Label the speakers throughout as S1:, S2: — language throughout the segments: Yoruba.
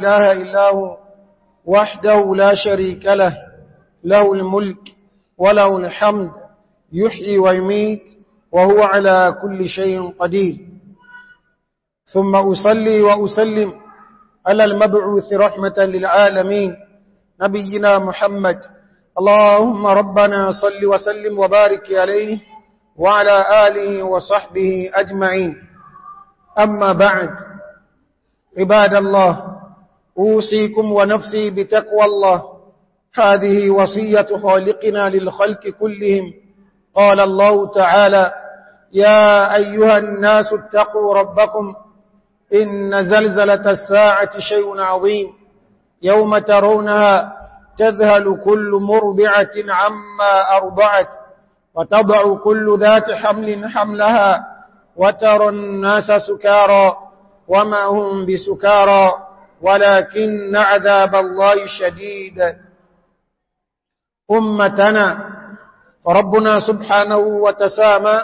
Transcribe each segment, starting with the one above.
S1: إله إلا هو وحده لا شريك له له الملك وله الحمد يحيي ويميت وهو على كل شيء قدير ثم أصلي وأسلم على المبعوث رحمة للعالمين نبينا محمد اللهم ربنا صل وسلم وبارك عليه وعلى آله وصحبه أجمعين أما بعد عباد الله أوصيكم ونفسي بتقوى الله هذه وصية خالقنا للخلق كلهم قال الله تعالى يا أيها الناس اتقوا ربكم إن زلزلة الساعة شيء عظيم يوم ترونها تذهل كل مربعة عما أرضعت وتضع كل ذات حمل حملها وترى الناس سكارا وما هم بسكارا ولكن عذاب الله شديد أمتنا فربنا سبحانه وتسامى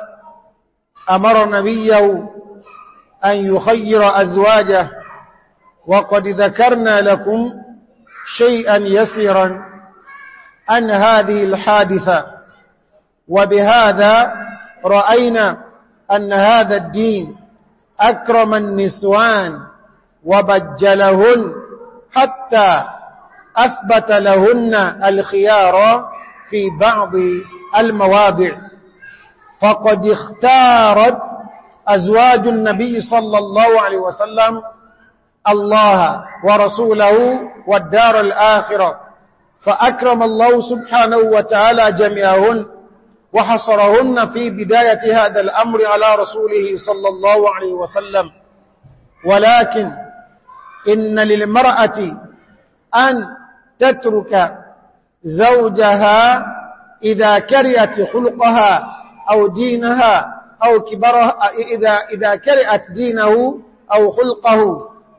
S1: أمر نبيه أن يخير أزواجه وقد ذكرنا لكم شيئا يسيرا عن هذه الحادثة وبهذا رأينا أن هذا الدين أكرم النسوان وبجلهن حتى أثبت لهن الخيار في بعض المواضع فقد اختارت أزواج النبي صلى الله عليه وسلم الله ورسوله والدار الآخرة فأكرم الله سبحانه وتعالى جميعهن وحصرهن في بداية هذا الأمر على رسوله صلى الله عليه وسلم ولكن إن للمرأة أن تترك زوجها إذا كرهت خلقها أو دينها أو كبرها إذا, إذا كرهت دينه أو خلقه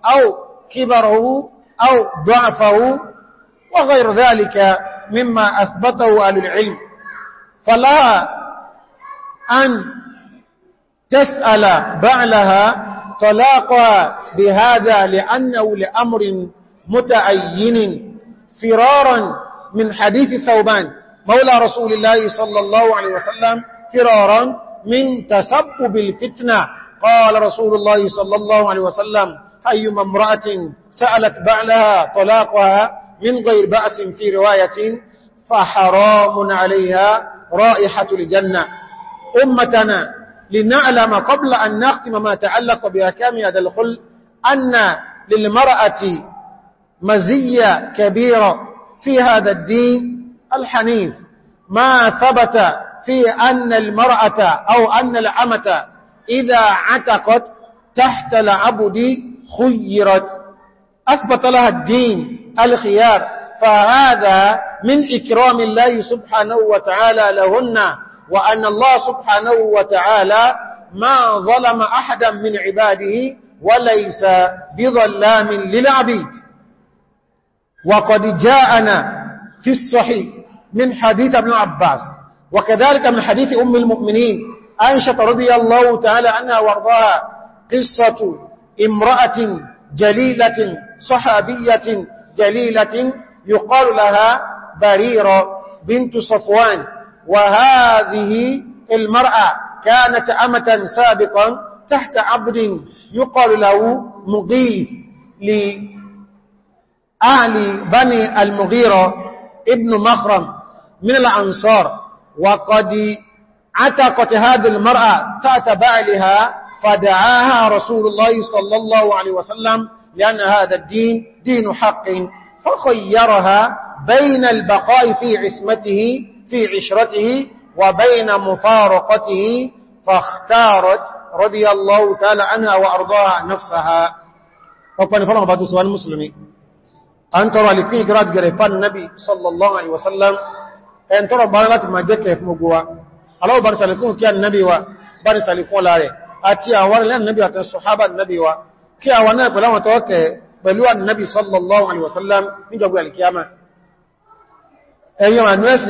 S1: أو كبره أو ضعفه وغير ذلك مما أثبته أهل العلم فلا أن تسأل بعلها طلاق بهذا لأنه لأمر متعين فرارا من حديث ثوبان مولى رسول الله صلى الله عليه وسلم فرارا من تسبب الفتنة قال رسول الله صلى الله عليه وسلم أي ممرأة سألت بعلها طلاقها من غير بأس في رواية فحرام عليها رائحة الجنة أمتنا لنعلم قبل أن نختم ما تعلق بأكام هذا الخل أن للمرأة مزية كبيرة في هذا الدين الحنيف ما ثبت في أن المرأة أو أن العمة إذا عتقت تحت العبد خيرت أثبت لها الدين الخيار فهذا من إكرام الله سبحانه وتعالى لهن وأن الله سبحانه وتعالى ما ظلم أحدا من عباده وليس بظلام للعبيد وقد جاءنا في الصحيح من حديث ابن عباس وكذلك من حديث أم المؤمنين أنشط رضي الله تعالى عنها وارضاها قصة امرأة جليلة صحابية جليلة يقال لها بريرة بنت صفوان وهذه المرأة كانت أمة سابقا تحت عبد يقال له مغيث لأهل بني المغيرة ابن مخرم من الأنصار وقد عتقت هذه المرأة تأت بعلها فدعاها رسول الله صلى الله عليه وسلم لأن هذا الدين دين حق فخيرها بين البقاء في عصمته في عشرته وبين مفارقته فاختارت رضي الله تعالى عنها وأرضاها نفسها وقال فرغ بعد سؤال المسلمين أن ترى لكي قرات قريفان النبي صلى الله عليه وسلم أن ترى بارغات ما جاك يفمقوا الله بارس لكم كي النبي وبارس لكم لاري أتي أولا لأن النبي أتي الصحابة النبي وكي أولا بلما توقع بلوى النبي صلى الله عليه وسلم من جبوة الكيامة أيها الناس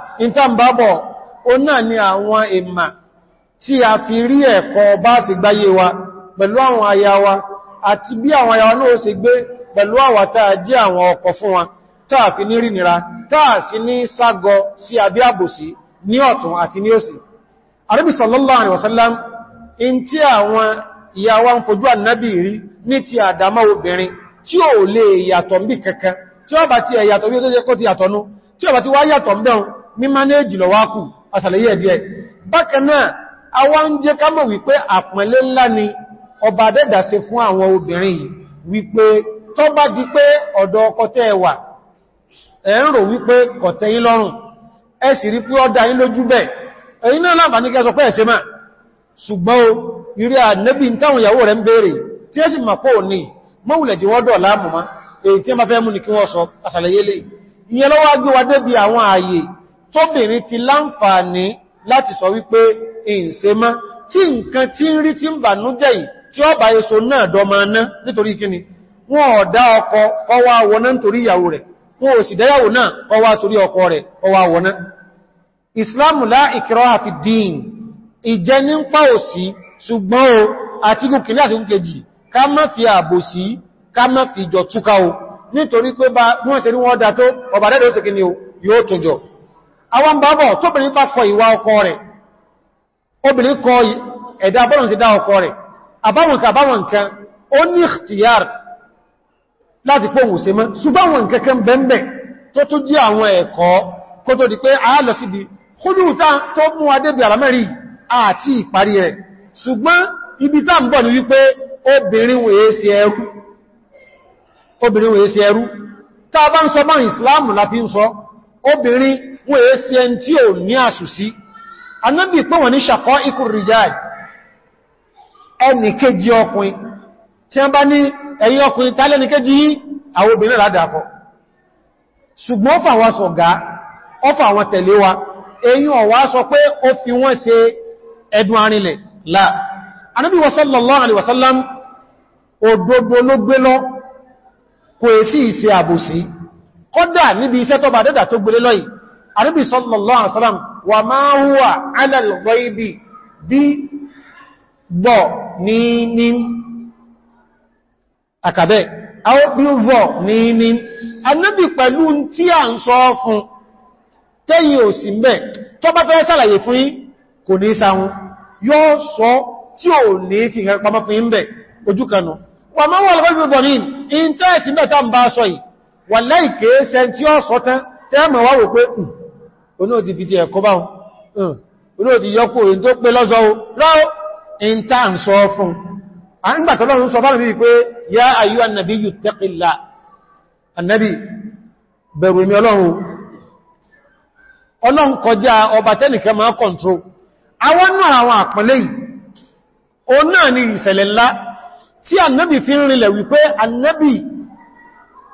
S1: ìtàǹbábọ̀ ó náà ni àwọn ìmà tí a fi rí ẹ̀kọ́ bá sì gbáyé wa pẹ̀lú àwọn aya wa àti bí àwọn aya wa náà sì gbé pẹ̀lú àwa táa jẹ́ àwọn ọkọ fún wa táà fi ní rìnira táà sí ní ságọ sí abí ní ọ̀tún àti ní òsì sallallahu alaihi wasallam in tí àwọn ìyá wa ń fojú Ànábì rí ní ti àdámọ́ obìnrin tí ó lè yàtọ̀ bí kankan tí ó bá ti ẹ̀yàtọ̀ bí ó tó jẹ́ kó ti yàtọ̀nú tí ó bá ti wá yàtọ̀ mbẹ̀un mímánéjì lọ wákù asàlẹ̀yẹ ẹ̀díẹ̀ bákanáà awá ń jẹ́ kámọ̀ wípé àpẹẹlẹ ńlá ni ọba dẹ́dà ṣe fún àwọn obìnrin wípé tó bá di pé ọ̀dọ̀ ọkọtẹ́ ẹwà ẹ̀ ń rò wípé kọ̀tẹ́yìn lọ́rùn ẹ sì rí pé ọdá yín lójú bẹ́ẹ̀ ẹ̀yin náà láǹfàní kẹsọ pé ẹ̀ṣẹ́ máa ṣùgbọ́n o ìrí ànẹ́bí táwọn ìyàwó rẹ̀ ń béèrè tí ó sì mà a máa fẹ́ ìyẹn lọ́wọ́ agbíwadé bí àwọn ààyè tóbìnrin ti láǹfààní láti sọ wípé ìǹsemá tí nǹkan tí ń rí tí ń bà nújẹ́ yìí tí ó bá èso náà dọmọ náà nítorí kíni wọ́n ọ̀dá ọkọ kọwa wọná nítorí ìyàwó rẹ̀ wọ́n ò sì dáyàwó náà kọwa torí ọkọ rẹ̀ ọwà wọná ìsìláàmù lá ìkìrọ́ àfi dìín ìjẹ ní ń pa òsì tó jọ àwọn bàbọ̀ tóbìnrin bá kọ ìwà ọkọ rẹ̀ obìnrin kọ ẹ̀dá bọ́rùn sí dá ọkọ rẹ̀ àbáwọn nǹkan àbáwọn nǹkan ó ní ìhtìyàr láti pọ̀ òun se mọ́ ṣùgbọ́n kẹ́kẹ́ bẹ́ẹ̀bẹ̀ tó tó jí àwọn ẹ̀kọ́ kó tó di pé a lọ síbi kúlùtà tó mú sọ mọ́ ìsìláàmù la ń sọ obìnrin wọ́n èé sí ẹn tí ò ní àṣùsí anábì pé wọ́n ní ṣàkọ́ ikú ríjáì ẹni kéjì ọkùnrin tí wọ́n bá ní ẹ̀yìn ọkùnrin tálẹ́ ní kéjì àwọn obìnrin ládàkọ́ ṣùgbọ́n ọfà wọn sọ gá ọfà wọn tẹ̀lé wa ẹ̀yìn ọwá sọ pé ó fi wọ́n ṣe ẹdùn arinlẹ̀ la anábì sallallahu alaihi wasallam òdodo ló gbé lọ kò kọ́dà níbi iṣẹ́ tó bá dẹ́dà tó gbélé lọ́yìn àríbì sallallahu alaihi wasallam wà máa húwà ala al-ghaibi bí bọ̀ ní ní àkàbẹ̀ àwọn bí ó bọ̀ ní ní anábì pẹ̀lú tí a ń sọ fún tẹ́yìn ò sí mẹ́ tó bá fẹ́ sàlàyé fún yí kò ní sáhun yóò sọ tí ò ní fi ìhẹ́ pamọ́ fún yí ń bẹ̀ wà máa wà lọ́gbẹ̀gbẹ̀ bọ̀ ní ìntẹ́ẹ̀sì mẹ́ta ń bá sọ yìí wà láìkèé sẹ́ntí ọ̀sọ́tán tẹ́mọ̀ wá wò pé hmm, onóòdì fìdí ẹ̀kọ́ bá wọn hmm, onóòdì yọkù èyí tó pé lọ́zọ́ lọ́wọ́ in a ń gbà tọ́lọ́run sọ bára bíi annabi yù annabi bẹ̀rù èmi ọlọ́run ọlọ́run kọjá ọba tẹ́nìkẹ́ máa kọ̀ntró àwọn náà àwọn o annabi fi ń rinlẹ̀ wípé annabi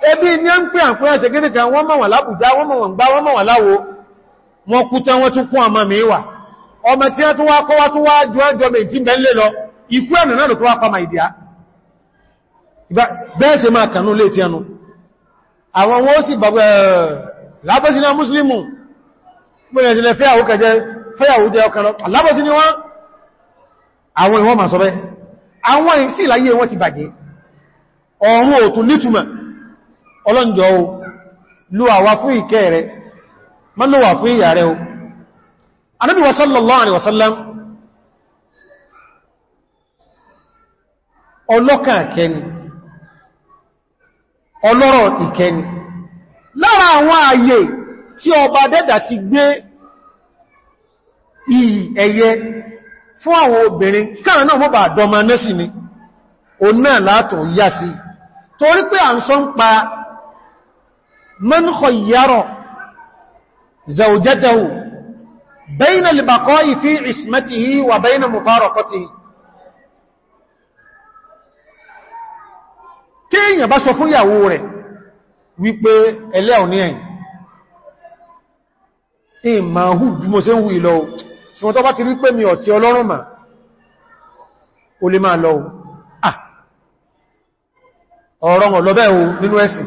S1: ẹbí ní a ń pè àpẹ́ ẹ̀ṣẹ̀ gírí kan wọ́n mọ̀ wọ́n lábùjá wọ́n mọ̀ wọ́n gbá wọ́n mọ̀ wọ́n láwo wọ́n kú tán wọ́n tún kún ọmọ mi wà ọmọ tí wọ́n tún wá kọ́ wá tún wá jọ ẹjọ́ méjì bẹ́ńlẹ̀ lọ ikú ẹ̀nà náà ló tó wá pa máa ìdíá bẹ́ẹ̀ àwọn wọ́n sì sọ bẹ́ àwọn ìsìláyé wọ́n ti bàjẹ́ ọ̀run òtún nítumọ̀ ọlọ́njọ́ o lú àwá fún ìkẹ́ rẹ̀ má ló wà fún ìyà rẹ̀ o Ànábì wa sallallahu alaihi ọlọ́kà ìkẹni ọlọ́rọ̀ ìkẹni lára àwọn ààyè tí ọba dẹ́dà ti gbé ẹ̀yẹ fún àwọn obìnrin káà náà mọ́bà من خير زوجته بين البقاء في عصمته وبين مفارقته kíyàn bá sọ fún ìyàwó rẹ̀ wípé ẹlẹ́ òní ẹ̀yìn ìmà hù bí mo ṣe ń hù ìlọ ṣùgbọ́n tó bá ti rí pé mi ọ̀tí ọlọ́run mà o lè máa lọ ah! ọ̀rọ̀ ọ̀lọ́bẹ̀ o nínú ẹ̀sìn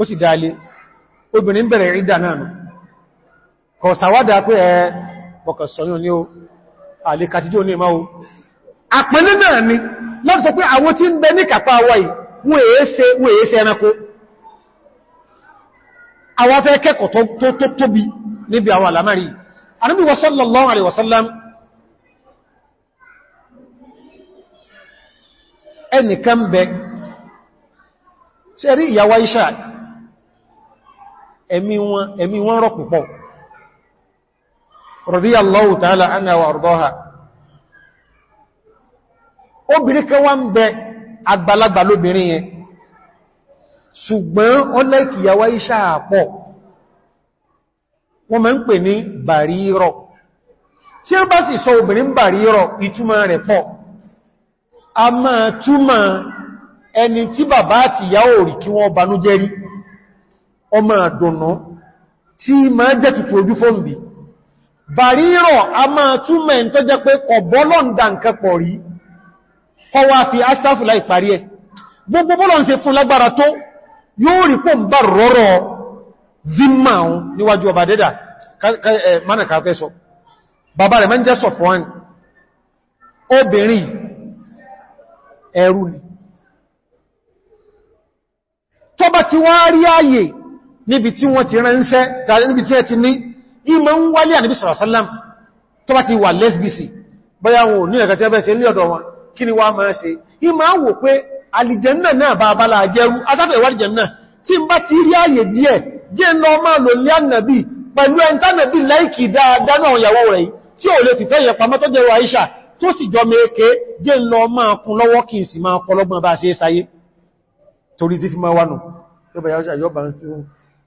S1: ó sì dáalé obìnrin bẹ̀rẹ̀ ìdà náà nù kọ̀ sàwádà pé ẹ mọ̀kà sọ̀yún ní o àlekàtíjì ò ní ìmá o àpẹẹlẹ́ náà ni lọ́pù sọ pé àwọn tí ń bẹ ní kàpá wáyìí wọ́n èé ṣe ẹranko àwọn afẹ́ kẹ́kọ̀ọ́ tó tóbi níbi àwọn àlàmárì ẹnìkan bẹ ṣe rí ìyàwó Aisha ẹ̀mí wọn ẹ̀mí wọn rọ̀ púpọ̀ radiyallahu ta'ala anha wa ardaha obìnrin kan wá ń bẹ àgbàlagbà lóbìnrin yẹn ṣùgbọ́n ọlẹ́kìyàwó iṣẹ́ àpọ̀ wọ́n mẹ́ ń pè ní bàrírọ̀ tí ó bá sì sọ obìnrin bàrírọ̀ ìtumọ̀ rẹ̀ pọ̀ a máa túmọ̀ ẹni tí bàbá àti ìyá rí kí wọ́n banújẹ́ rí ọmọ àdùnnú tí ma jẹ́ tutù ojú fún bí bàrírọ̀ a máa túnmẹ̀ tó jẹ́ pé ọ̀bọ́lọ́ndà nǹkan pọ̀ rí kọwa fi asáfùlá ìparí ẹ̀ gbogbo bọ́lọ̀ ń ṣe fún lágbára tó yóò rí pọ̀ ń bá rọ́rọ̀ zimma ohun níwájú ọba dẹ́dà mánà níbi tí wọ́n ti ránṣẹ́ tàbí níbi tí ẹ ti ní ìmọ̀ ń wálé àníbí sọ̀rọ̀sálàm tó bá ti wà lẹ́sbìsì báyá wọn ò ní ẹ̀kẹ́ tí ẹbẹ́ ṣe ní ọ̀dọ̀ wọn kí ni wá máa ṣe ìmọ̀ á wò pé alìjẹ̀nnà náà bá abálá jẹ́rú asáfẹ́ ìwádìjẹ̀nnà tí ń bá ti rí ààyè díẹ̀ jẹ́ lọ máa lò ní ànàbì pẹ̀lú ẹntánàbì láìkì dáadáa náà yàwó rẹ̀ tí ò lè ti fẹ́ yẹ pamọ́ tó jẹ́ Àìṣà tó sì tí fi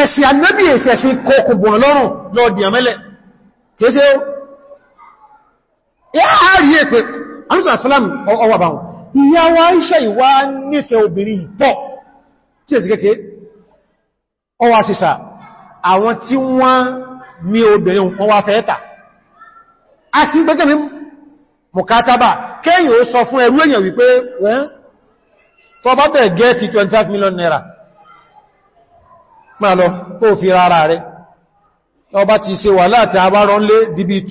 S1: ẹ̀sì ànábì èsì ẹ̀sì kọkùnbùn ọlọ́run lọ́ọ̀dì àmẹ́lẹ̀ kéèṣe ó yá àárí èpè anúsàsálàmù ọwà báhùn ìyá wa Àìṣà ìwá nífẹ́ obìnrin pọ̀ tí èsì kéèké ọwà sísà àwọn tí wọ́n mi obìnrin wọn fẹ́ẹ́ta 25 million naira máa lọ kó fi rárá rẹ̀ ọba ti ṣe wà láti àbárọ̀ lé bíbí 12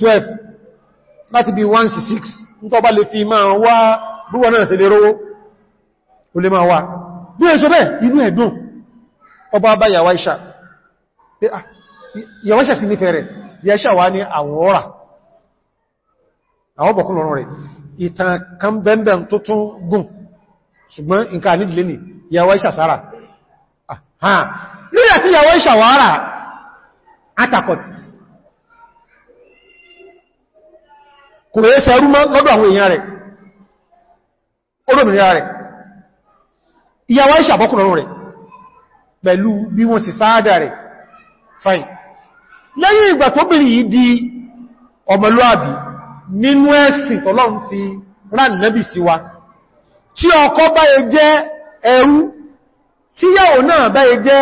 S1: láti bí 166 ní tọba lè fi máa wá búwọ́ náà sí lè rówó o lè máa wá bí èso bẹ́ inú ẹ̀dùn ọba bá yàwá ìṣà ah, yàwá ìṣà sí nífẹ́ rẹ̀ yà ìṣà wá ní àwọn ọ̀rà àwọn bọ̀kún lọ́rùn rẹ̀ ìtàn nígbà tí ìyàwó ìṣàwárà atakọ̀tì kò rẹ̀ ṣẹrú mọ́ lọ́dọ̀ àwọn èèyàn rẹ̀ olómìnira rẹ̀ ìyàwó ìṣàbọ́kùnrin rẹ̀ pẹ̀lú bí wọ́n sì sáádà rẹ̀ fine lẹ́yìn ìgbà tó bìnrin yìí di ọmọlúàbí nínú ẹ̀sìn tọ́lọ́n fi rán nẹ́bì sí wa tí ọkọ báyẹ jẹ́ ẹrú tíyàwó náà báyẹ jẹ́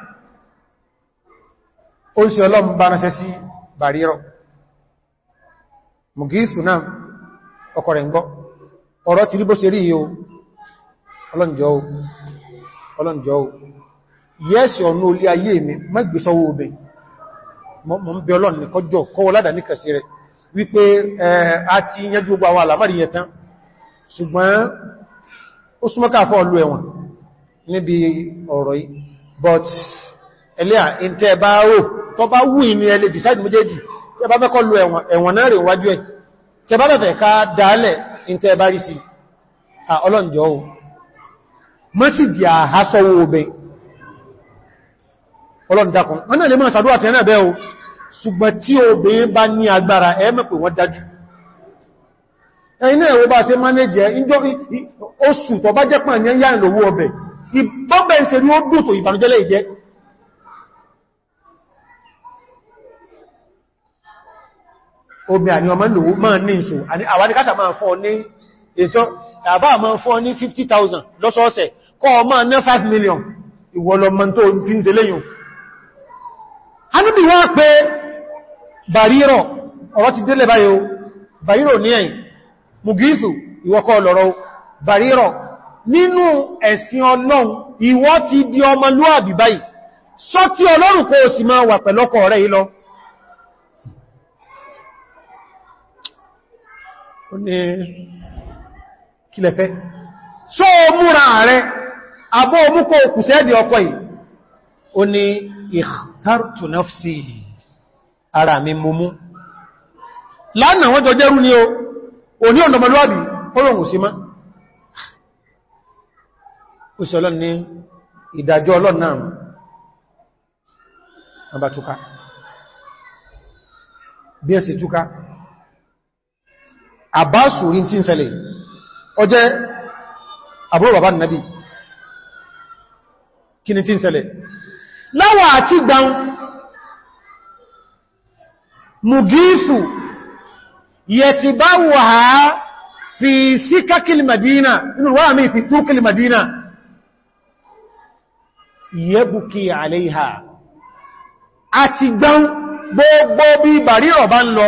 S1: ó sì ọlọ́run bá ránṣẹ́ sí bàrírọ̀ mùgíìsù náà ọkọ̀ rẹ̀ ń ọrọ ọ̀rọ̀ ti rí bó ṣe rí yíò ọlọ́njọ́ o ọlọ́njọ́ ọ̀nà ayé mi mẹ́gbẹ̀sọ́wọ́ obẹ̀ mọ́ ń bẹ ọlọ́run a tó bá wù ní ẹlẹ́ decide méjèèjì tẹ bá fẹ́kọ́ lọ ẹ̀wọ̀n náà rẹ̀ wájú ẹ̀ tẹ bá bẹ̀fẹ̀ ká dálẹ̀ ìntẹ́ bá rí sí ọlọ́njọ́ o mọ́sídì àhásọ́wọ́ obẹ̀ ọlọ́ndakùn wọ́n náà lè mọ́ sàdúwà tẹ́ náà bẹ́ o ṣùgbọ́n tí obìnrin bá ní agbára ẹ mọ̀ pé wọ́n dájú ẹ̀yìn ìbọ́bẹ̀ ìṣèlú ó dùn tó ìbànújẹ́lẹ̀ ìjẹ́ omi àni ọmọ lò máa ní ìṣò àwádìkásà máa fọ́ ní ètò àbá máa fọ́ ní 50,000 lọ́sọ́ọ̀sẹ̀ kọ́ ọmọ ní 5 million ìwọlọmọ tó ti ń ṣe léyìn anúbí wọ́n pé bàrírọ̀ ọ̀rọ̀ ti délẹ̀ báyìí bàrírọ̀ ní ẹ̀yìn mugifu ìwọ́kọ́ lọ́rọ̀ bàrírọ̀ nínú ẹ̀sìn ọlọ́run ìwọ ti di ọmọlúwàbí báyìí sọ́tí ọlọ́run kó o sì máa wà pẹ̀lọ́kọ̀ rẹ̀ ó ní kílẹ̀fẹ́ só múra rẹ abó omúkọ òkùsẹ́dì ọkọ̀ yìí ó ní ikhtartu nafsi ara mi múmú lánàá wọ́n jọ jẹ́rú ní o ò ní ọ̀nàmọ́lúwàbí ọlọ́run sí má bí ẹ̀sì túká àbáṣù rí tí ń ṣẹlẹ̀ ó jẹ́ àbúrò bàbá nàbí kí ni tí ń ṣẹlẹ̀ láwà àti gbọ́n mùgísù yẹ̀tìbáwà fi síkákìlì madina inú wà mí fi túkìlì madina yẹ́bùkì àléhà àti gbọ́n gbogbo bí bàrí ọ̀bá ń lọ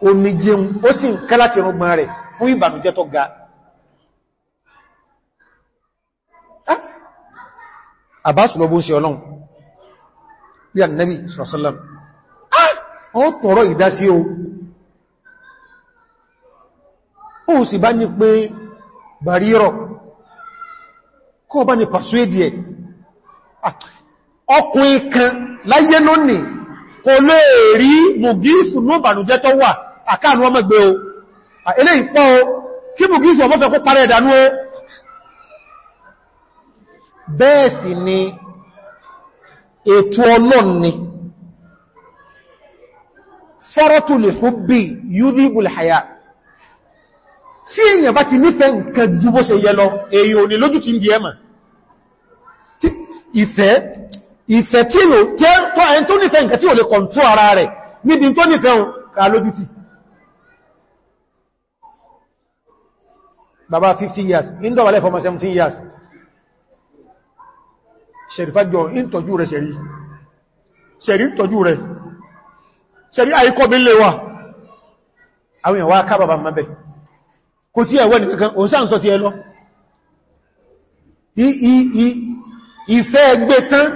S1: omi jẹun ó sì ń ká láti rọgbọ́n rẹ̀ fún ìbànújẹ́ tó ga àbásùlọ́bó ń ṣe ọlọ́run bí annabi sọ̀rọ̀sọ́lọ́m ó tọ̀rọ ìdásí o ó sì bá ní pé bàrírọ̀ kọ́ bá ní pàṣúédìí ẹ̀ ọkùnrin kan láyé lónìí kò lè rí mùgífù ní ìbànújẹ́ tó wà àkáàrùn ọmọ gbé o ilé ìpọ́ o kí mú kí ìṣọ́ mọ́fẹ́ kó parẹ́ ìdánú o bẹ́ẹ̀ sì ni ètò ọlọ́n ni fọ́rọ́tù lè hubbi yudhibul haya tí èyàn bá ti nífẹ́ nǹkan ju bó ṣe yẹ lọ èyàn ò ní lójú ti ń di ẹmà ìfẹ́ ìfẹ́ tí ó jẹ́ tó ẹni tó nífẹ́ nǹkan tí ò lè kọ̀ntú ara rẹ̀ níbi tó nífẹ́ ò ká lójú ti bàbá 50 years In ní dọ̀wàlẹ́ fọmọ 17 years ṣẹ̀rífàjọ ìntọ́jú rẹ̀ ṣẹ̀rí ṣẹ̀rí ìntọ́jú rẹ̀ ṣẹ̀rí àìkọ́ bí lè wà àwọn èèyàn wá ká bàbá mẹ́bẹ̀ kò tí ẹ̀wẹ́ nìkan òun sáà ń sọ ti ẹ lọ ìfẹ́ ẹgbẹ́ tán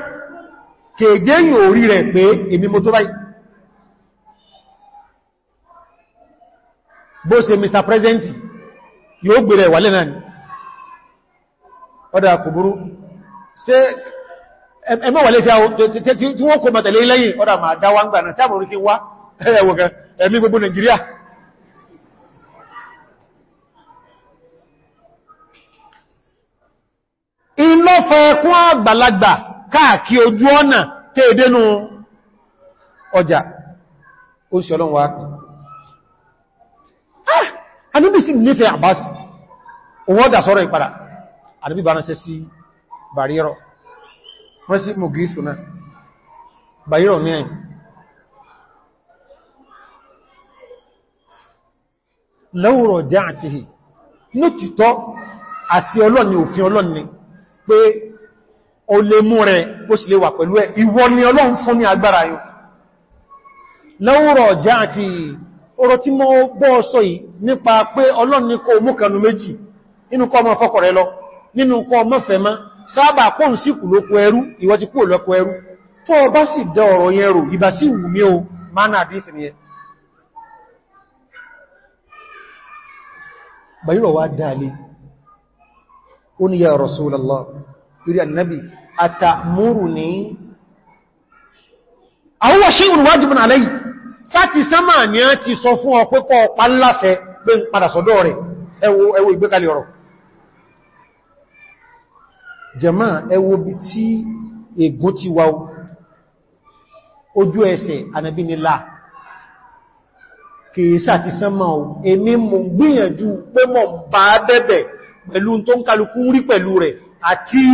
S1: kèèjé yìí ò rí rẹ̀ pé èmi mo tó báyìí bó President yóò gbèrè ìwàlẹ̀ náà ni ọdá kò burú ṣe ẹmọ́ wàlẹ̀ tí wọ́n kò mọ̀tẹ̀lé lẹ́yìn ọdá ma dáwà ń gbà náà tí àmọ̀rí kí wá ẹwọ̀gẹ́ ẹ̀mí gbogbo Nàìjíríà iná fẹ́ẹ̀kún àgbàlagbà káàkì ojú ọ̀nà tẹ́ẹ̀dẹ́nu ọjà ó sì ọlọ́run wá kìí anábì sí nífẹ̀ẹ́ Abbas òun ọ̀dà sọ́rọ̀ ìpadà anábì bá ránṣẹ́ sí bàríọ̀ wọ́n sí mọ̀gífù náà bàríọ̀ mẹ́rin lọ́wọ́rọ̀ jẹ́ àtìhì ní tìtọ́ àti ọlọ́ni òfin ọlọ́ni pé o lè mú rẹ̀ bó sì lè wà pẹ̀lú ẹ̀ ìwọ ni ọlọ́run fún ní agbára yóò lọ́wọ́rọ̀ jẹ́ àtìhì ọ̀rọ̀ tí mo bọ́ sọ yìí nípa pé Ọlọ́run ní kó mú kanú méjì nínú kọ́ ọmọ fọ́kọ̀ lọ nínú kọ́ ọmọ fẹ́mọ́ sábà pọ́n sí kù lókú ẹrú ìwọ kú lókú ẹrú tó ọba sì dẹ ọ̀rọ̀ yẹn rò ìbá sí o sáti sánmà ní a ti sọ fún ọ pé kọ́ ọ̀pá ńláṣẹ pé padà sọ́dọ̀ rẹ̀ ẹ wo ìgbékalẹ̀ ọ̀rọ̀ jẹ̀má ẹ wo bí tí ègún ti wá ojú ẹsẹ̀ ànàbí ni láà kìí sáti sánmà ò èmi mò ń gbìyànjú pé mò ń bá bẹ́bẹ̀ pẹ̀lú tó ń kálukú rí pẹ̀lú rẹ̀ àti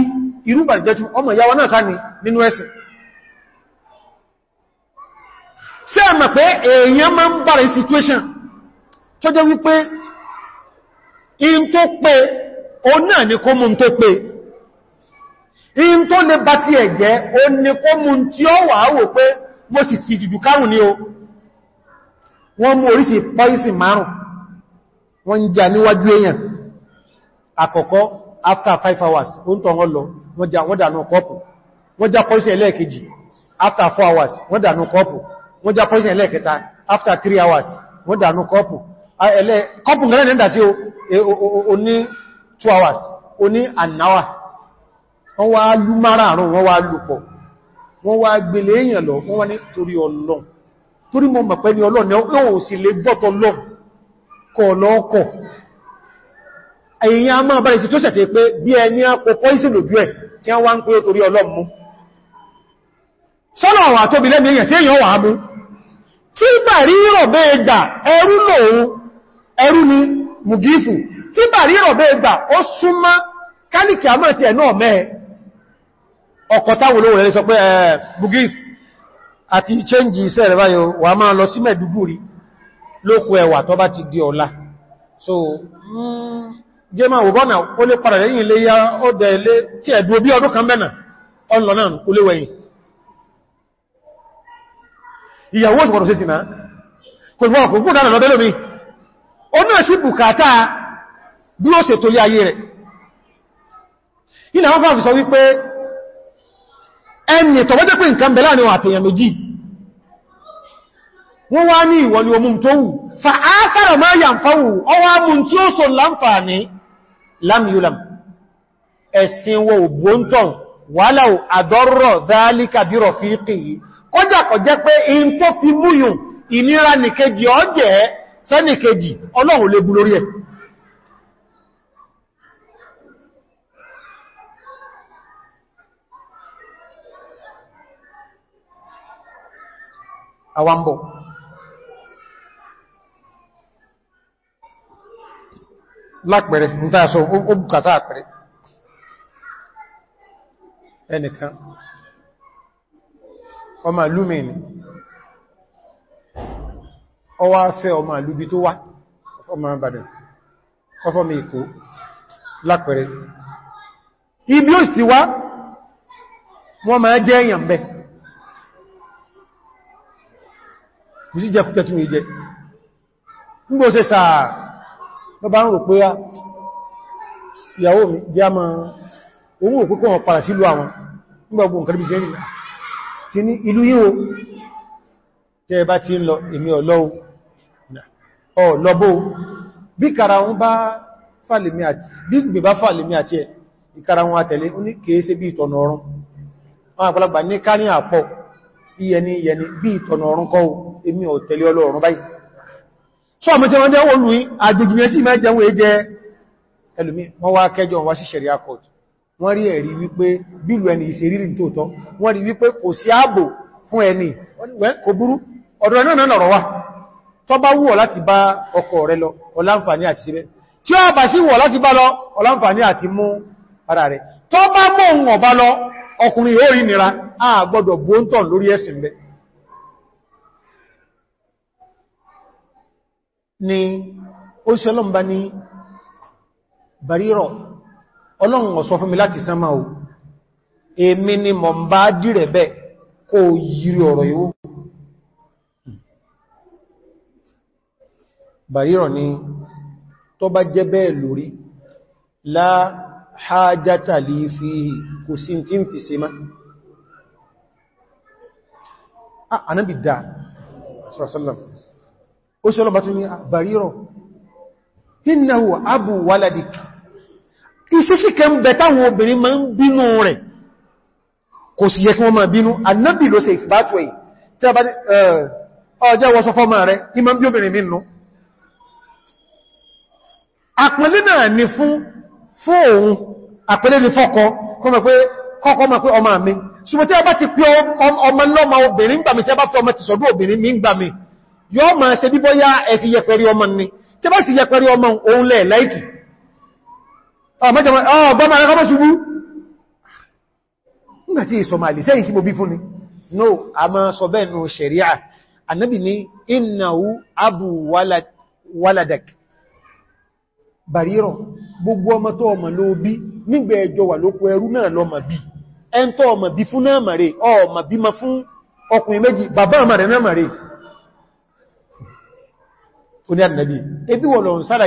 S1: irúbàjẹ́ ọmọ ìyáwó náà sáni nínú ẹ̀sìn ṣé ẹ mọ̀ pé èèyàn máa ń bára situation tó jẹ́ wípé in tó pé o náà ni kó mú tó pé in tó lè bá ti ẹ̀jẹ́ o ní kó mú tí ó wà áwò pé mo sì ti jùjù kárùn ní o wọ́n mú oríṣi pọ́ìsì márùn wọ́n ń jà níwájú èèyàn àkọ́kọ́ after five hours ó ń tọ́wọ́ lọ wọ́n dànù kọ́pù wọ́n já pọ́ìsì ẹlẹ́ẹ̀kejì after four hours wọ́n dànù kọ́pù wọ́n já poison ẹlẹ́ẹ̀kẹta after three hours wọ́n dànú kọ́pù kọ́pù gẹ́rẹ́ ní ẹ̀dà sí e, o ní two hours o ní an hour wọ́n wá lú mara àrùn wọ́n wá lùpọ̀ wọ́n wá gbèlè èèyàn lọ wọ́n wá ní torí ọlọ́n torí mọ́ mọ̀pẹ́ ní ọlọ́n yóò sì lè bọ́tọ̀ a máa bá ìsì tó sọ́nà àwọn àtóbi lẹ́mí èyàn sí èyàn wà tí bà rí rọ̀bẹ́ ó súnmọ́ àmọ́ ti ẹ̀ náà mẹ́ ọkọ̀ táwọn olówó rẹ̀ sọ pé ndị mùgífù àti chẹ́njì iṣẹ́ rẹ̀ wà máa lọ sí Mẹ́dúgùrí lókù ẹwà bá ti di so mm, ìyàwó òṣùgbọ̀rọ̀ sí sínà kò gbọ́ ọkùn kúrò náà lọ́bẹ́ lómi ó náà sí bùkátà bí ó ṣètò lé ayé rẹ̀ ilẹ̀ wọ́n fàfisọ wípé ẹni tọ̀wọ́jẹ́ pé nǹkan bẹ̀lá ni àtẹ̀yàn méjì wọ́n wá ní ìwọ̀ ni kódà kọ̀ jẹ́ pé in tó fi múyùn ìnira nìkejì ọjẹ́ ọlọ́run lórí ẹ̀ àwambọ̀ ó bùkátà ọmọ ìlúmì ni ọ wá fẹ́ ọmọ ìlúbi tó wá ọmọ ìbàdàn ọfọ́mọ ìkó lápẹẹrẹ ibi ó sì wá wọ́n máa jẹ́ èèyàn bẹ́ kù sí jẹ́kútẹ́ tún ìjẹ́ nígbò ṣe sàà lọ́bàá ń rò pé á ìyàwó mi jẹ́ a máa owó òkú kọ́ wọn padà sílùú àwọn nígbàgbò nǹkan bí ṣe rìnà ti ní ìlú yíò tẹ́ bá ti ń lọ èmi ọlọ́wọ́ ọ̀lọ́bọ́ bí karahun bá fàlèmí àti bí gbè bá fàlèmí àti ẹ̀ ìkarahun àtẹ̀lé ó ní kèése bí ìtọ̀nà ọrún wọn àpọ̀lọpàá ní ká ní àpọ̀ ìyẹni ìyẹni bí ìtọ̀nà ọrún kọ́ èmi ọ̀tẹ̀lé ọlọ́run báyìí sọ àmì tí wọ́n jẹ́ olùí àjèjì mẹ́sí mẹ́jẹun wọ́n rí ẹ̀rí wípé bílù ẹni ìṣerírì tóòtọ́ wọ́n rí wípé kò sí ààbò fún ẹni kò burú ọ̀dọ̀ ẹ̀nà wá tó bá wù ọ́ láti bá ọkọ rẹ lọ ọláǹfààní àti síbẹ̀ tí ó bá sí wù láti bá lọ àti mú ara rẹ̀ bá mọ́ ohun lọ nira a ẹ̀sìn ọlọ́run ó sọ fún mi láti sánmà o èmi ni mọ̀ ń bá dìrẹ̀ bẹ́ kó yìí ọ̀rọ̀ ìwó bàrírọ̀ ni tó bá jẹ́ bẹ́ẹ̀ lórí la hajata li kò sí tí ń fi se má anábì dá ó sí ọlọ́bá tún ní bàrírọ̀ innahu abu waladik ìṣíṣì kẹ ń bẹ táwọn obìnrin ma ń bínú rẹ̀ kò sì yẹ kí wọ́n ma bínú annabi ló ṣe ìfìbátò ẹ̀ tí a bá ní ọjọ́ wọ́sọ fọ́mà rẹ̀ kí ma ń bí obìnrin bínú àpẹẹlẹ́ náà ni fún fóòun àpẹẹlẹ́ ni fọ́kọ kọ́kọ́ ma pé ọmọ mi ṣùgbọ́n tí a bá ti pé ọgbọ́mọ̀ ẹ̀kọ́ bọ́ ṣubú nígbàtí ìsọmàlì sẹ́yìn kí mo bí ni no a ma sọ bẹ́ẹ̀ nù ṣẹ̀ríà annabi ni innahu abu waladak bariro gbogbo ọmọ tó ọmọ ló bí nígbẹ̀ ẹjọ wà lókú ẹrú náà lọ mà bí ẹn tó ọmọ bí fún náà màrè ọmọ bí ma fún ọkùnrin méjì bàbá màrè náà màrè ó ní àdìnàbí ebí wọ́n lọ ń sára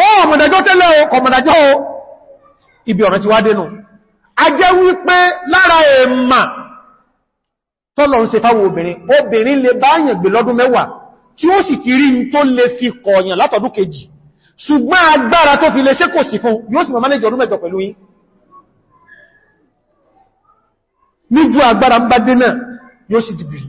S1: ó ọmọdàjọ́ tẹ́lẹ̀ o kọmọdàjọ́ o ibi ọ̀rọ̀ ti wá dénú a jẹ́ wípé lára ẹ̀mà tọ́lọ ń ṣe fáwọn obìnrin obìnrin lè báyàn gbé lọ́dún mẹ́wàá tí ó sì ti rí n tó lè fi kọ̀ọ̀yàn látọ̀dún kejì ṣùgbọ́n agbára tó fi lè ṣe kò sí fún yóò sì mọ̀ mánéjì ọdún mẹ́jọ pẹ̀lú yín níjú agbára ń bá dé náà yóò sì dìbìrì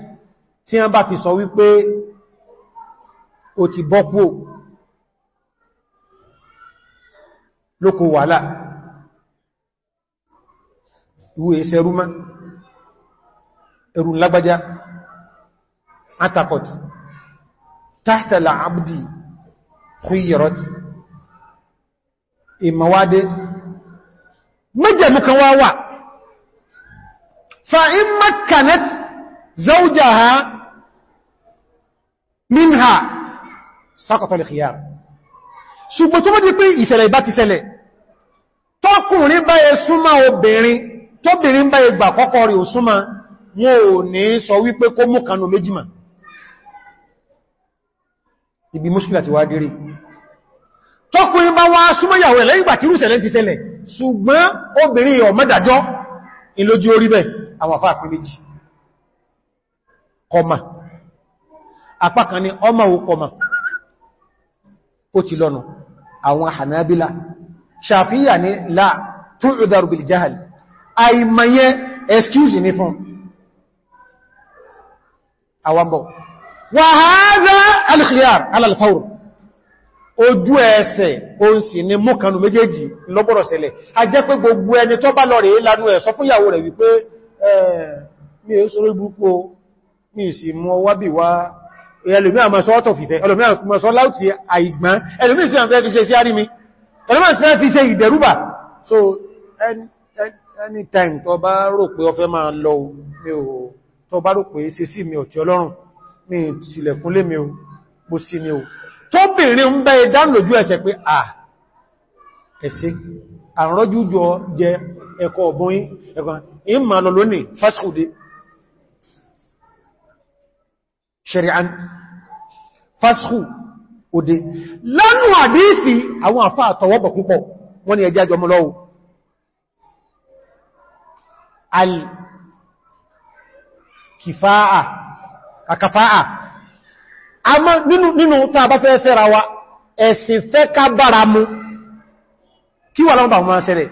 S1: tí a bá ti sọ wípé o ti bọ́pò lókò wàhálà ìwò èsẹ̀ ẹrúmá ẹrùn lágbájá atakọ̀t tàtàlà abdi khuyyarot ìmọ̀wádé mẹ́jẹ̀mù kan fa in makkanat zawjaha minha sakọtọ̀lẹ̀ khiyar ṣùgbọ́n tó mọ́ di pé ìṣẹ̀lẹ̀ ìbá ti ṣẹlẹ̀ tọ́kùnrin bá yẹ súnmọ́ obìnrin tóbìnrin bá yẹ gbà kọ́kọ́ rí ò súnmọ́ wọn ò ní sọ wípé kó mú kanú méjìmá ibi múṣkílà ti wá dérí tọ́kùnrin bá wá súnmọ́ ìyàwó ẹ̀ ti ṣẹlẹ̀ ṣùgbọ́n obìnrin yọ mẹ́dàjọ́ ìlójú orí bẹ́ẹ̀ àwọn àfáà apákan ní ọmọ òkọmọ ó ti lọ́nà àwọn Hanabila Shafi'iyya ní láà tún ìdàrù jahal àìmọ̀yẹ excuse ní fún àwọ̀mbọ̀ wa hadha al-khiyar ala al-fawr ojú ẹsẹ̀ òun sì ni mọ́kànlù méjèèjì lọ́gbọ̀rọ̀ sẹlẹ̀ a jẹ́ pé gbogbo ẹni tó bá lọ́rẹ̀ lánú ẹ̀ sọ fún rẹ̀ wípé ẹ̀ẹ́ mi è sọ lórí burúkú mi sì mọ́ wábí ẹlòmí àmà sọ ọ́tọ̀ fìfẹ́ ẹlòmí àmà sọ láti àìgbọ́n ẹlòmí sí àmà fi ṣe sí àrí mi ẹlòmí sí àmà fi ṣe ìdẹ̀rúbà so anytime tó bá rò pé ọfẹ́ máa lọ mi ò tó bá rò pé ṣe sí mi ọ̀tí ọlọ́run mi sílẹ̀kúnlé mi ò bó sí mi ò tó bèèrè ń bẹ́ ìdánlójú ẹsẹ̀ pé à ẹ̀sẹ̀ àrọ́jújọ jẹ ẹ̀kọ́ ọ̀bọ̀n yìí ẹ̀kọ́ ṣẹ̀rìán fásikù òdè lánú àdífì àwọn àfá àtọwọ́bọ̀ púpọ̀ wọ́n ni ẹjá jọmọ́ lọ́wọ́ al-kìfáà àkàfáà a mọ́ nínú tàà bá fẹ́ fẹ́ra wa ẹ̀sìn fẹ́ ká bára mú kí wà lọ́nà bà fún ma ṣẹlẹ̀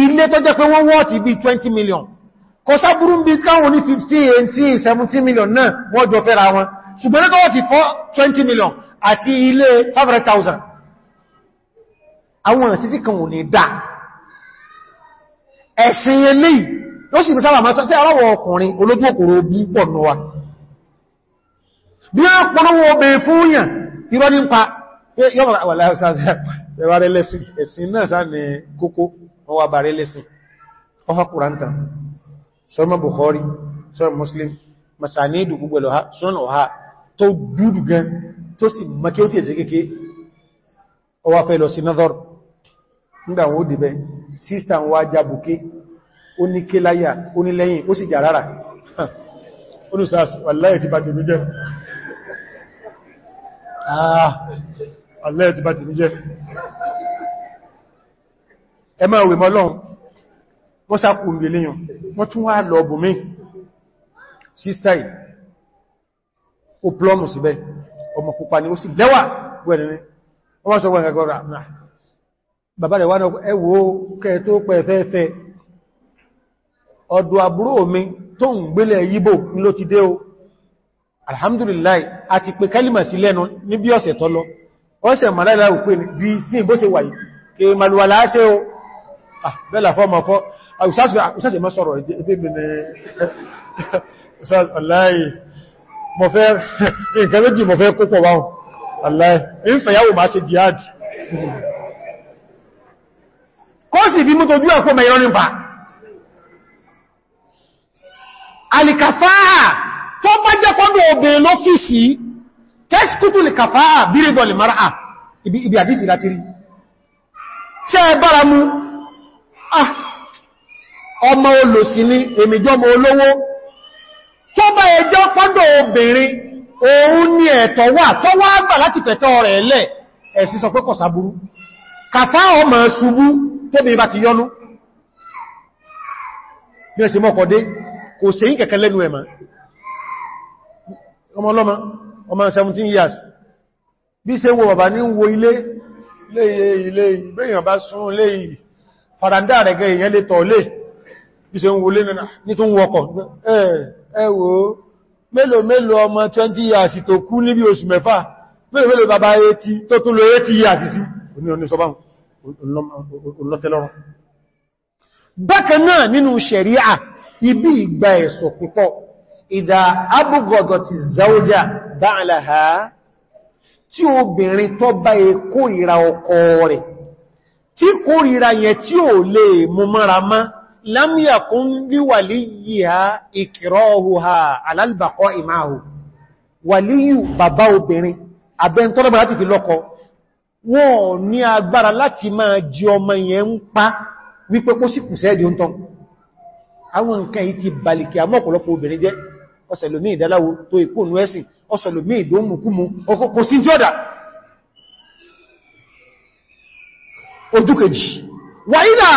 S1: ilé tó pé wọ́n wọ́ọ̀tì bí 20 million kò sáburú ń bí káwọn ní 15 18 17 million náà wọ́n jọ fẹ́ra wọn ṣùgbọ́n lẹ́kọ́ ti fọ́ 20 million àti ilé 500,000 àwọn ìsìsí kan ò ní dá ẹ̀sìn ilé yóò sì sábà máa sọ́sẹ́ aláwọ̀ ọkùnrin olójú òkúrò bí pọ̀ nù wa bí wọ́n pọ̀nàwọ̀ obè fúnyàn irọ́ ní pa yọ́ sọ́mọ́ Bukhari sọ́mọ́ Muslim masanidu gbogbo ẹ̀lọ́ha sọ́nà ọ̀ha tó dúdú gan tó sì makẹ́ òtí ẹ̀jẹ́ kéèké ọwá fẹ́ lọ sí náthọ́r nígbà wọ́n dìbẹ̀ sísta wọ́n ajá ó ní ké láyà ó ní lẹ́yìn ó sì jà rárá olùsàs wàláyé ti bá tèmi jẹ́ ah wàláyé ti bá tèmi jẹ́ ẹ máa wọ́n tún wá lọ bùnmí sísta ì ó plọ́mù síbẹ̀ ọmọ ni ó sì lẹ́wà wẹ́rẹ̀rẹ̀ wọ́n sọ wọ́n gagọ́rọ̀ náà bàbá rẹ̀ wá náà ẹwọ́ kẹ tó pẹ̀fẹ́fẹ́ ọdọ̀ tó ń gbélẹ̀ yíbò o alhamdulillah a ti sí lẹ́nu ní bí ọ̀sẹ̀ òṣàṣẹ́ ah, mọ́ sọ̀rọ̀ ẹgbẹ́ mẹ́rin aláì mọ̀ fẹ́ nǹkan méjì mọ̀ fẹ́ kópọ̀ wáhùn aláì ìfẹ̀yàwó máa ṣe jihad kó sì fi mútojú ẹ̀kọ́ mẹ́rin nípa alìkàfáà tó bá jẹ́ kọ́dọ̀ obìnrin lọ́fíìsì tẹ́kùtù lìkàfáà bírídọ̀lì mara ibi àdísì láti rí ṣẹ́ ah ọmọ olòsì ni èmìjọmọ olówó tó bá ẹjọ́ pọ́dọ̀ obìnrin òun ni ẹ̀tọ́ wà tó wá gbà láti fẹ̀tọ́ rẹ̀ lẹ̀ ẹ̀sì sọ pé kọ̀sàbúrú kàtà ọmọ ṣubú tóbi bá ti yọnú bí ẹ̀sì mọ́kọ̀dé kò sí kẹ̀kẹ́ lẹ́nu ẹ̀mà ọmọ ọlọ́mọ ọmọ 17 years bí ṣe wo bàbá ní wo ilé ilé faranda rẹ̀ gẹ̀ èèyàn bíse ń wọlé ní tó ń wọkọ̀ ẹ̀wò mélòó mélòó ọmọ 20 years tó kú níbi oṣù mẹ́fà mélòó mélòó bàbá 80 tó tún lọ 80 years sí onírin sọ́báhùn olótẹ́lọ́rọ̀ bákan nínú ṣẹ̀ríà ibi ìgbà ẹ̀sọ̀ púpọ̀ ìdá abúgọ̀gọ̀ ti zaújá báàlàhá tí obìnrin tó bá e kórìíra ọkọ rẹ̀ tí kórìíra yẹn tí ò lè mú mọ́ra máa لم يكن لوليها إكراهها على البقاء معه ولي bàbá obìnrin àbẹ́ntọ́lọ́bà láti fi lọ́kọ wọ́n ní agbára láti máa jí ọmọ yẹn ń pa wípé kó sì kùsẹ́ ìdí oúntọ́ àwọn nǹkan yìí ti balìkì àmọ́kùnlọpọ̀ obìnrin jẹ́ ọ̀sẹ̀lòmí ìdáláwò tó ìpónú ẹ̀sìn ọ̀sẹ̀lòmí ìdómùkúmu ọkọ̀kọ̀ sí jọ́dà ojú wà ilẹ̀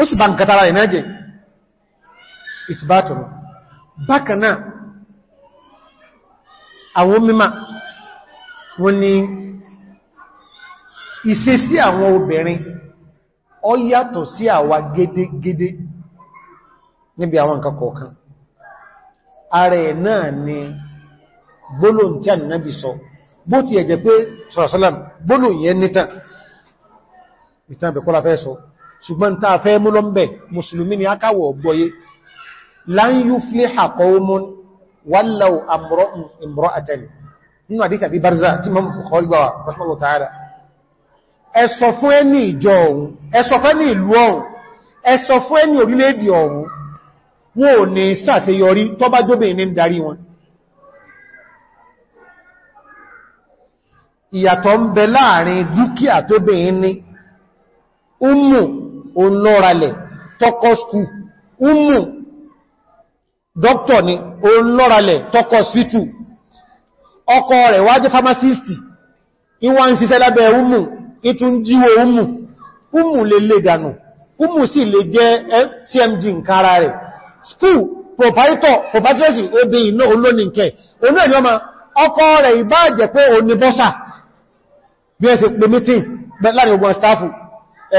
S1: ó sì bá ń katara rẹ̀ náà jẹ́ ìtìbátọ̀rọ̀ bákanáà àwọn mímá wọ́n ní ìṣe sí àwọn obìnrin ó yàtọ̀ sí àwa gédégédé níbi àwọn nǹkan kọ̀ọ̀kan ààrẹ náà ni gbólóhùn tí Ànábì sọ bó ti ẹ̀jẹ̀ pé sọ̀rọ̀sọ́lá gbólóhùn yẹn nítàn ìtàn àbẹ̀kọ́lá fẹ́ sọ ṣùgbọ́n tàà fẹ́ mú lọ ń bẹ̀ mùsùlùmí ni akáwọ̀ ọgbọ́yé lan yufliha qawmun wallaw imra'atan nínú àdíkà bí Barzah tí mọ́ kọlùgbàwà rahimahullahu ta'ala ẹ sọ fún ẹni ìjọ ọ̀hún ẹ sọ fún ẹni ìlú ọ̀hún ẹ sọ fún ìyàtọ̀ ń bẹ láàrin dúkìá tó bẹ̀yìn ní umu olóralẹ̀ tọ́kọ́ skú umu dọ́kítọ̀ ni olóralẹ̀ tọ́kọ́ spítù ọkọ rẹ̀ wá jẹ́ pharmacist ìwà ń ṣiṣẹ́ lábẹ́ umu ìtún jíwo umu umu lè lè dànù umu sì lè jẹ́ cmd nkara rẹ̀ skúù proprietor proprietorship obi iná olónìkẹ́ onú ẹ̀lọ́ ọkọ rẹ̀ ìbá pé o bí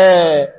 S1: ẹ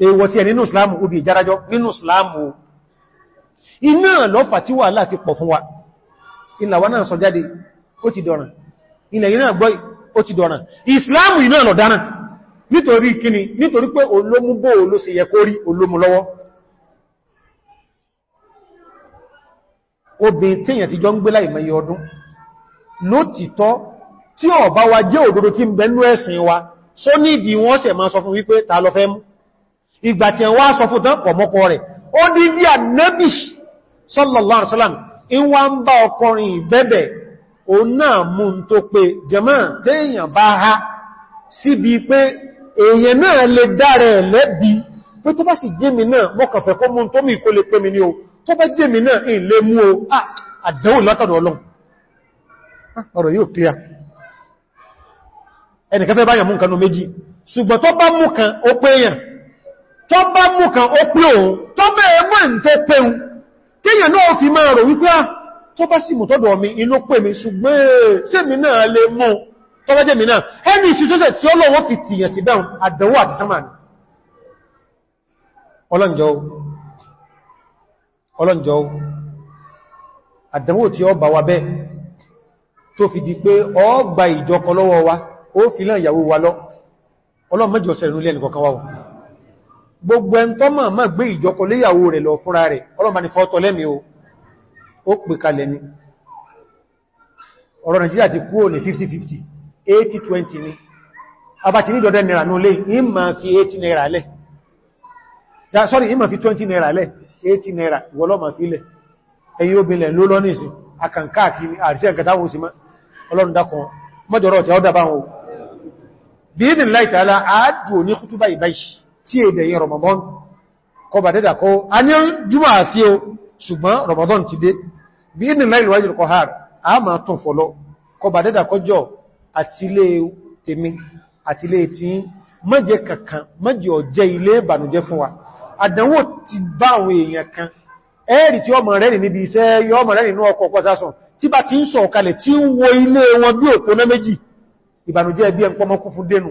S1: èwọ̀ tí ẹ nínú islamu obì ìjárájọ́ nínú islamu iná lọ́fà tí wà láti pọ̀ fún wa ìlàwà náà sọ jáde ó ti dọ̀ràn ilẹ̀ iná gbọ́ ó ti dọ̀ràn islamu iná lọ dáná nítorí kíni nítorí pé olómúgbò ló ṣe yẹ kó rí olómú ti wa je òdodo ti ń wa ìgbà tí wọ́n sọ fún tán pọ̀mọ́kọ rẹ̀ ó dí bí ànábì sallallahu alaihi wasallam in wá ń bá ọkọrin ìbẹ́bẹ̀ o náà mú n tó pé jẹmọ́ tẹ́yàn bá ha síbi pé èèyàn mi ní o tó bá jẹ́mi náà in lè mú o àdánwò látọ̀dọ̀ ọlọ́run ọ̀rọ̀ yóò clear ẹnìkan fẹ́ báyàn mú nǹkan méjì ṣùgbọ́n tó bá mú kan ó pé èèyàn tó bá mú kan ó pé òun tó bẹ́ẹ̀ mọ́ ń tó pẹ́un kíyàn náà fi máa rò wípé ah, tó bá sì mú tọ́dọ̀ mi inú pè mi ṣùgbọ́n sẹ́mi eh, náà lè mú tọ́bá jẹ́ mi náà ẹni ìṣúṣẹ́sẹ̀ tí ọlọ́wọ́ fi tìyàn sí dáun àdánwò àti sámàní ọlọ́njọ́ ọlọ́njọ́ àdánwò tí ó bá wa bẹ́ tó fi di pé ó gba ìjọkọ lọ́wọ́ wa ó fi lán wa lọ ọlọ́mọ́jọ́ sẹ̀rùn lẹ́nìkọ̀kan wáwọ̀ gbogbo ẹn tó máa máa gbé ìjọkọ̀ léyàwó rẹ̀ lọ fúnra rẹ̀ ọlọ́mà ní fọ́tọ̀ lẹ́mí o ó pè kalẹ̀ ni ọ̀rọ̀ Nàìjíríà ti kúrò ní 50-50 80-20 ni abàtí ní ìjọdẹ́ naira ní olè ìmà fi 80 naira lẹ̀ sorry ìmà fi 20 naira lẹ̀ 80 naira ìwọlọ́mà fi lẹ̀ ẹ̀yìn obìnrin ló tí èdè yẹ Ramadan kọ bà dédà kọ́ a ní jùmọ́ àsí o ṣùgbọ́n Ramadan ti dé bí ní láìlúwájú kọ ha a máa tún fọ́lọ́ kọ bà dédà kọjọ́ àtilé tèmi àtilé tí mọ́jẹ kankan mọ́jẹ ọjẹ́ ilé ìbànújẹ́ fún wa àdánwò ti bá àwọn èèyàn kan ẹ́rì tí ọmọ rẹ̀ níbi iṣẹ́ yọ ọmọ rẹ̀ nínú ọkọ̀ pọ́sásùn tí bá ti ń sọ̀kalẹ̀ tí ń wo ilé wọn bí òpónà méjì ìbànújẹ́ ẹbí ẹnkọ́ mọ́kún fún dénú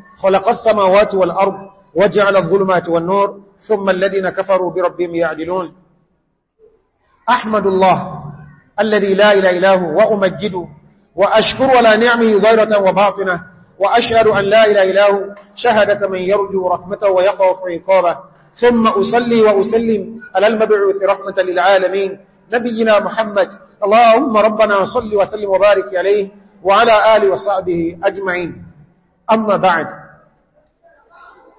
S1: خلق السماوات والأرض وجعل الظلمات والنور ثم الذين كفروا بربهم يعدلون أحمد الله الذي لا إله إله وأمجده وأشكر ولا نعمه ظاهرة وباطنة وأشهد أن لا إله إله شهدة من يرجو رحمته ويقف عقابه ثم أصلي وأسلم على المبعوث رحمة للعالمين نبينا محمد اللهم ربنا صل وسلم وبارك عليه وعلى آله وصحبه أجمعين أما بعد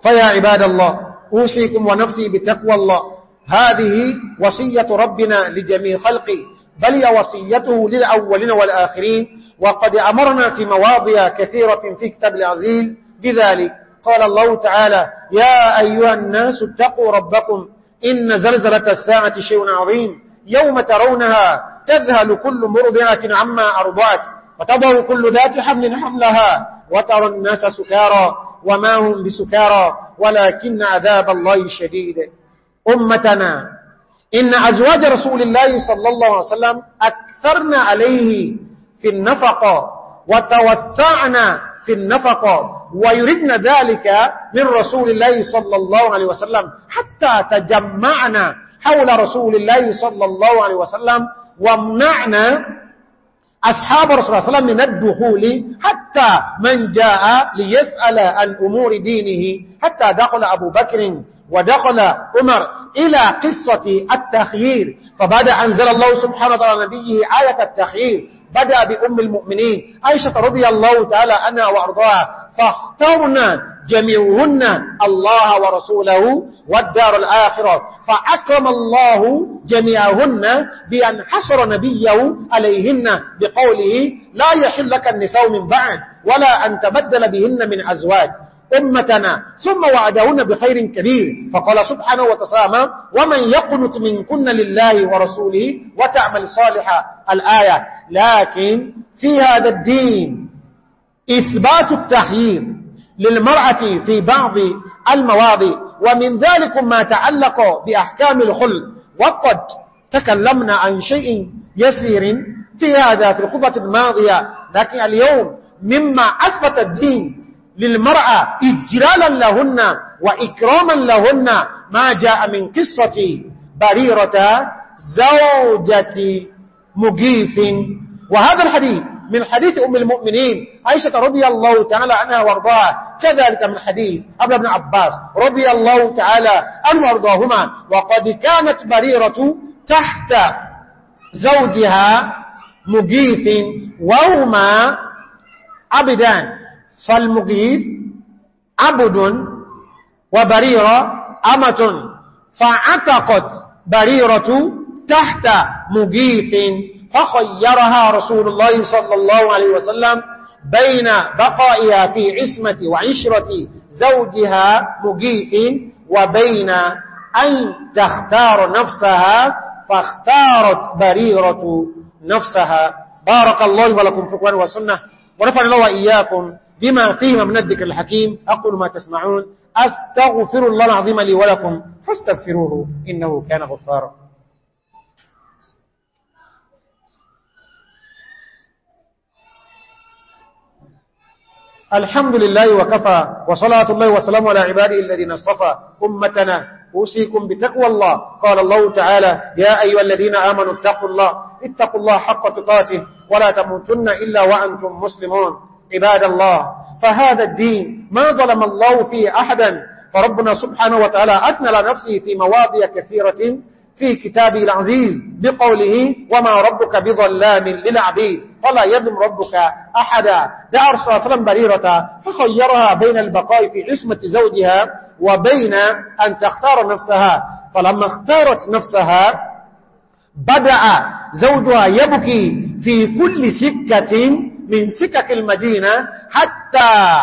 S1: فيا عباد الله أوصيكم ونفسي بتقوى الله هذه وصية ربنا لجميع خلقه بل وصيته للأولين والآخرين وقد أمرنا في مواضع كثيرة في كتاب العزيز بذلك قال الله تعالى يا أيها الناس اتقوا ربكم إن زلزلة الساعة شيء عظيم يوم ترونها تذهل كل مرضعة عما أرضعت وتضع كل ذات حمل حملها وترى الناس سكارى وما هم بسكارى ولكن عذاب الله شديد أمتنا إن أزواج رسول الله صلى الله عليه وسلم أكثرنا عليه في النفقة وتوسعنا في النفقة ويردنا ذلك من رسول الله صلى الله عليه وسلم حتى تجمعنا حول رسول الله صلى الله عليه وسلم ومنعنا أصحاب رسول الله صلى الله عليه وسلم من الدخول حتى من جاء ليسأل عن أمور دينه حتى دخل أبو بكر ودخل عمر إلى قصة التخيير فبعد أنزل الله سبحانه وتعالى نبيه آية التخيير بدأ بأم المؤمنين عائشة رضي الله تعالى عنها وأرضاها فاخترنا جميعهن الله ورسوله والدار الآخرة فأكرم الله جميعهن بأن حشر نبيه عليهن بقوله لا يحل لك النساء من بعد ولا أن تبدل بهن من أزواج أمتنا ثم وعدهن بخير كبير فقال سبحانه وتسامى ومن يقنت منكن لله ورسوله وتعمل صالحة الآية لكن في هذا الدين إثبات التحيير للمرأة في بعض المواضي ومن ذلك ما تعلق بأحكام الخل وقد تكلمنا عن شيء يسير في هذا في الخطبة الماضية لكن اليوم مما أثبت الدين للمرأة إجلالا لهن وإكراما لهن ما جاء من قصة بريرة زوجة مجيف وهذا الحديث من حديث أم المؤمنين عائشة رضي الله تعالى عنها وارضاها كذلك من حديث أبي بن عباس رضي الله تعالى أن وارضاهما وقد كانت بريرة تحت زوجها مجيث وهما عبدان فالمجيث عبد وبريرة أمة فعتقت بريرة تحت مجيث فخيرها رسول الله صلى الله عليه وسلم بين بقائها في عصمة وعشرة زوجها مجيث وبين أن تختار نفسها فاختارت بريرة نفسها بارك الله ولكم في القرآن والسنة ونفعل الله وإياكم بما فيهما من الذكر الحكيم أقول ما تسمعون أستغفر الله العظيم لي ولكم فاستغفروه إنه كان غفارا الحمد لله وكفى وصلاة الله وسلام على عباده الذين اصطفى أمتنا أوصيكم بتقوى الله قال الله تعالى يا أيها الذين آمنوا اتقوا الله اتقوا الله حق تقاته ولا تموتن إلا وأنتم مسلمون عباد الله فهذا الدين ما ظلم الله فيه أحدا فربنا سبحانه وتعالى أثنى لنفسه في مواضع كثيرة في كتابه العزيز بقوله وما ربك بظلام للعبيد ولا يظلم ربك أحدا دعا رسول الله وسلم بريرة فخيرها بين البقاء في عصمة زوجها وبين أن تختار نفسها فلما اختارت نفسها بدأ زوجها يبكي في كل سكة من سكك المدينة حتى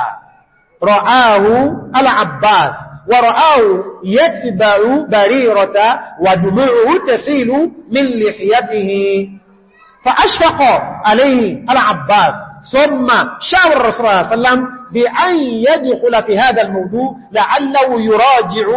S1: رآه العباس ورآه يتبع بريرة ودموعه تسيل من لحيته فأشفق عليه العباس ثم شعر الرسول صلى الله عليه وسلم بأن يدخل في هذا الموضوع لعله يراجع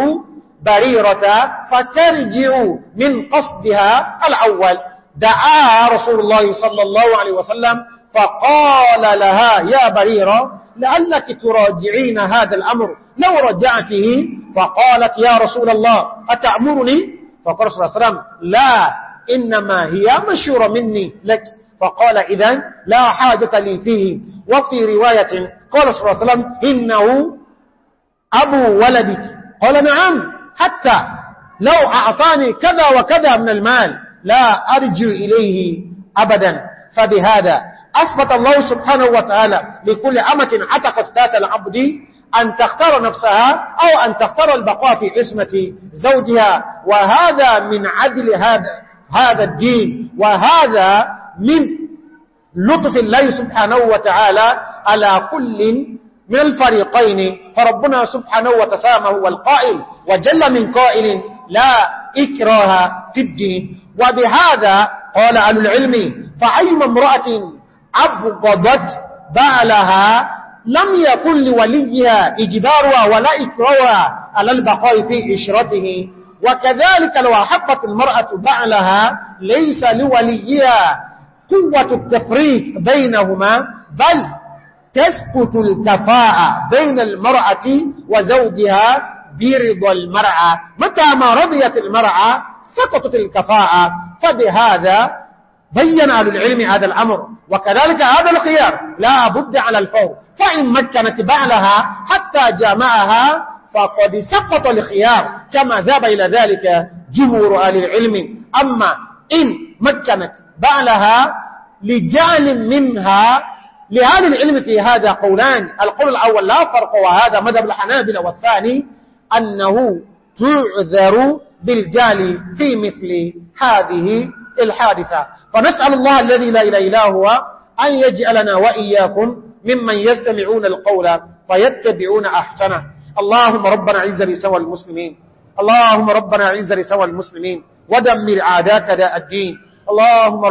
S1: بريرة فترجع من قصدها الأول دعا رسول الله صلى الله عليه وسلم فقال لها يا بريرة لعلك تراجعين هذا الأمر لو رجعته فقالت يا رسول الله أتأمرني فقال رسول الله لا إنما هي مشورة مني لك فقال إذن لا حاجة لي فيه وفي رواية قال صلى الله عليه وسلم إنه أبو ولدك قال نعم حتى لو أعطاني كذا وكذا من المال لا أرجو إليه أبدا فبهذا أثبت الله سبحانه وتعالى لكل أمة عتقت ذات العبد أن تختار نفسها أو أن تختار البقاء في عصمة زوجها وهذا من عدل هذا هذا الدين وهذا من لطف الله سبحانه وتعالى على كل من الفريقين فربنا سبحانه وتسامه القائل وجل من قائل لا إكراه في الدين وبهذا قال أهل العلم فأيما امرأة أبغضت بعلها لم يكن لوليها إجبارها ولا إكرارها على البقاء في إشرته وكذلك لو أحبت المرأة بعلها ليس لوليها قوة التفريق بينهما بل تسقط الكفاءة بين المرأة وزوجها برضا المرأة متى ما رضيت المرأة سقطت الكفاءة فبهذا بين أهل العلم هذا الأمر وكذلك هذا الخيار لا بد على الفور فإن مكنت بعلها حتى جامعها فقد سقط الخيار كما ذهب إلى ذلك جمهور آل العلم أما إن مكنت بعلها لجعل منها لهذا العلم في هذا قولان القول الأول لا فرق وهذا مذهب الحنابلة والثاني أنه تعذر بالجال في مثل هذه الحادثة فنسأل الله الذي لا إله إلا هو أن يجعلنا وإياكم ممن يستمعون القول فيتبعون أحسنه اللهم ربنا عز لسوى المسلمين اللهم ربنا عز لسوى المسلمين ودمر عاداك داء الدين اللهم